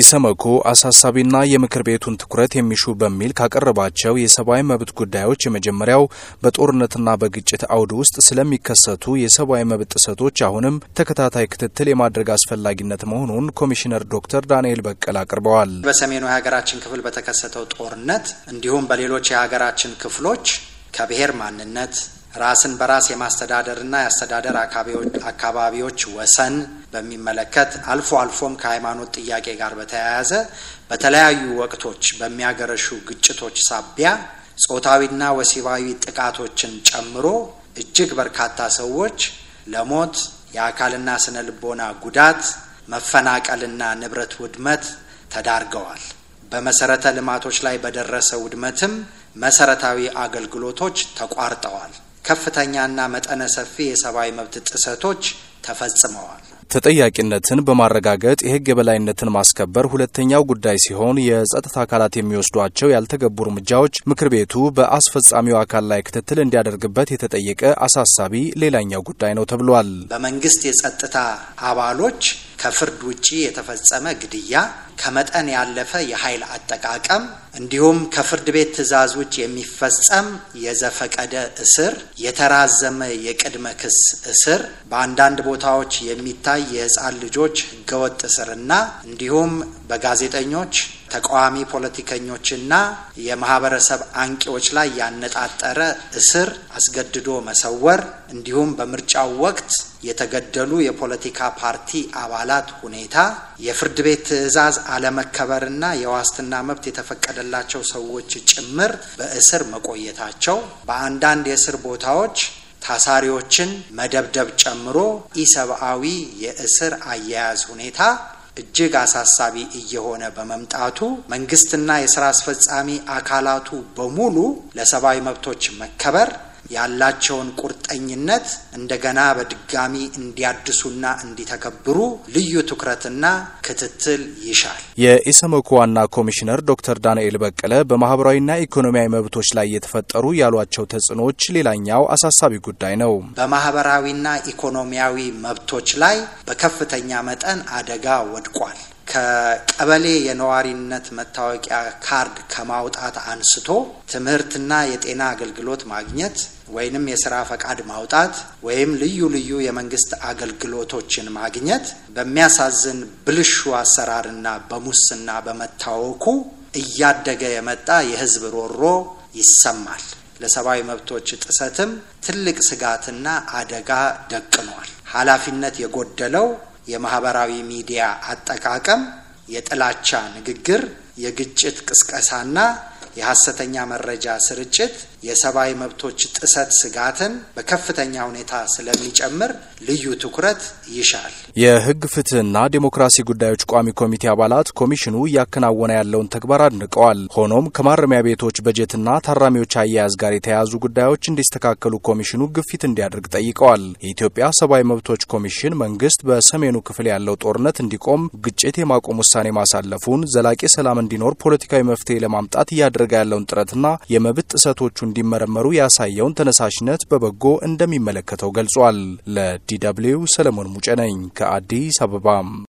ኢሰመኮ አሳሳቢና የምክር ቤቱን ትኩረት የሚሹ በሚል ካቀረባቸው የሰብአዊ መብት ጉዳዮች የመጀመሪያው በጦርነትና በግጭት አውድ ውስጥ ስለሚከሰቱ የሰብአዊ መብት ጥሰቶች አሁንም ተከታታይ ክትትል የማድረግ አስፈላጊነት መሆኑን ኮሚሽነር ዶክተር ዳንኤል በቀል አቅርበዋል። በሰሜኑ የሀገራችን ክፍል በተከሰተው ጦርነት እንዲሁም በሌሎች የሀገራችን ክፍሎች ከብሔር ማንነት ራስን በራስ የማስተዳደርና የአስተዳደር አካባቢዎች ወሰን በሚመለከት አልፎ አልፎም ከሃይማኖት ጥያቄ ጋር በተያያዘ በተለያዩ ወቅቶች በሚያገረሹ ግጭቶች ሳቢያ ጾታዊና ወሲባዊ ጥቃቶችን ጨምሮ እጅግ በርካታ ሰዎች ለሞት፣ የአካልና ስነ ልቦና ጉዳት፣ መፈናቀልና ንብረት ውድመት ተዳርገዋል። በመሰረተ ልማቶች ላይ በደረሰ ውድመትም መሰረታዊ አገልግሎቶች ተቋርጠዋል። ከፍተኛና መጠነ ሰፊ የሰብአዊ መብት ጥሰቶች ተፈጽመዋል። ተጠያቂነትን በማረጋገጥ የህግ የበላይነትን ማስከበር ሁለተኛው ጉዳይ ሲሆን የጸጥታ አካላት የሚወስዷቸው ያልተገቡ እርምጃዎች ምክር ቤቱ በአስፈጻሚው አካል ላይ ክትትል እንዲያደርግበት የተጠየቀ አሳሳቢ ሌላኛው ጉዳይ ነው ተብሏል። በመንግስት የጸጥታ አባሎች ከፍርድ ውጪ የተፈጸመ ግድያ፣ ከመጠን ያለፈ የኃይል አጠቃቀም እንዲሁም ከፍርድ ቤት ትዕዛዝ ውጭ የሚፈጸም የዘፈቀደ እስር፣ የተራዘመ የቅድመ ክስ እስር፣ በአንዳንድ ቦታዎች የሚታይ የህፃን ልጆች ህገወጥ እስርና እንዲሁም በጋዜጠኞች ተቃዋሚ ፖለቲከኞችና የማህበረሰብ አንቂዎች ላይ ያነጣጠረ እስር፣ አስገድዶ መሰወር እንዲሁም በምርጫው ወቅት የተገደሉ የፖለቲካ ፓርቲ አባላት ሁኔታ፣ የፍርድ ቤት ትዕዛዝ አለመከበርና የዋስትና መብት የተፈቀደላቸው ሰዎች ጭምር በእስር መቆየታቸው በአንዳንድ የእስር ቦታዎች ታሳሪዎችን መደብደብ ጨምሮ ኢሰብአዊ የእስር አያያዝ ሁኔታ እጅግ አሳሳቢ እየሆነ በመምጣቱ መንግስትና የስራ አስፈጻሚ አካላቱ በሙሉ ለሰብአዊ መብቶች መከበር ያላቸውን ቁርጠኝነት እንደገና በድጋሚ እንዲያድሱና እንዲተከብሩ ልዩ ትኩረትና ክትትል ይሻል። የኢሰመኮ ዋና ኮሚሽነር ዶክተር ዳንኤል በቀለ በማህበራዊና ኢኮኖሚያዊ መብቶች ላይ የተፈጠሩ ያሏቸው ተጽዕኖዎች ሌላኛው አሳሳቢ ጉዳይ ነው። በማህበራዊና ኢኮኖሚያዊ መብቶች ላይ በከፍተኛ መጠን አደጋ ወድቋል። ከቀበሌ የነዋሪነት መታወቂያ ካርድ ከማውጣት አንስቶ ትምህርትና የጤና አገልግሎት ማግኘት ወይንም የስራ ፈቃድ ማውጣት ወይም ልዩ ልዩ የመንግስት አገልግሎቶችን ማግኘት በሚያሳዝን ብልሹ አሰራርና በሙስና በመታወኩ እያደገ የመጣ የህዝብ ሮሮ ይሰማል። ለሰብአዊ መብቶች ጥሰትም ትልቅ ስጋትና አደጋ ደቅኗል። ኃላፊነት የጎደለው የማህበራዊ ሚዲያ አጠቃቀም የጥላቻ ንግግር፣ የግጭት ቅስቀሳና የሐሰተኛ መረጃ ስርጭት የሰብአዊ መብቶች ጥሰት ስጋትን በከፍተኛ ሁኔታ ስለሚጨምር ልዩ ትኩረት ይሻል። የህግ ፍትህና ዴሞክራሲ ጉዳዮች ቋሚ ኮሚቴ አባላት ኮሚሽኑ እያከናወነ ያለውን ተግባር አድንቀዋል። ሆኖም ከማረሚያ ቤቶች በጀትና ታራሚዎች አያያዝ ጋር የተያያዙ ጉዳዮች እንዲስተካከሉ ኮሚሽኑ ግፊት እንዲያደርግ ጠይቀዋል። የኢትዮጵያ ሰብአዊ መብቶች ኮሚሽን መንግስት በሰሜኑ ክፍል ያለው ጦርነት እንዲቆም፣ ግጭት የማቆም ውሳኔ ማሳለፉን ዘላቂ ሰላም እንዲኖር ፖለቲካዊ መፍትሄ ለማምጣት እያደረ እያደረገ ያለውን ጥረትና የመብት ጥሰቶቹ እንዲመረመሩ ያሳየውን ተነሳሽነት በበጎ እንደሚመለከተው ገልጿል። ለዲ ሰለሞን ሙጬ ነኝ ከአዲስ አበባ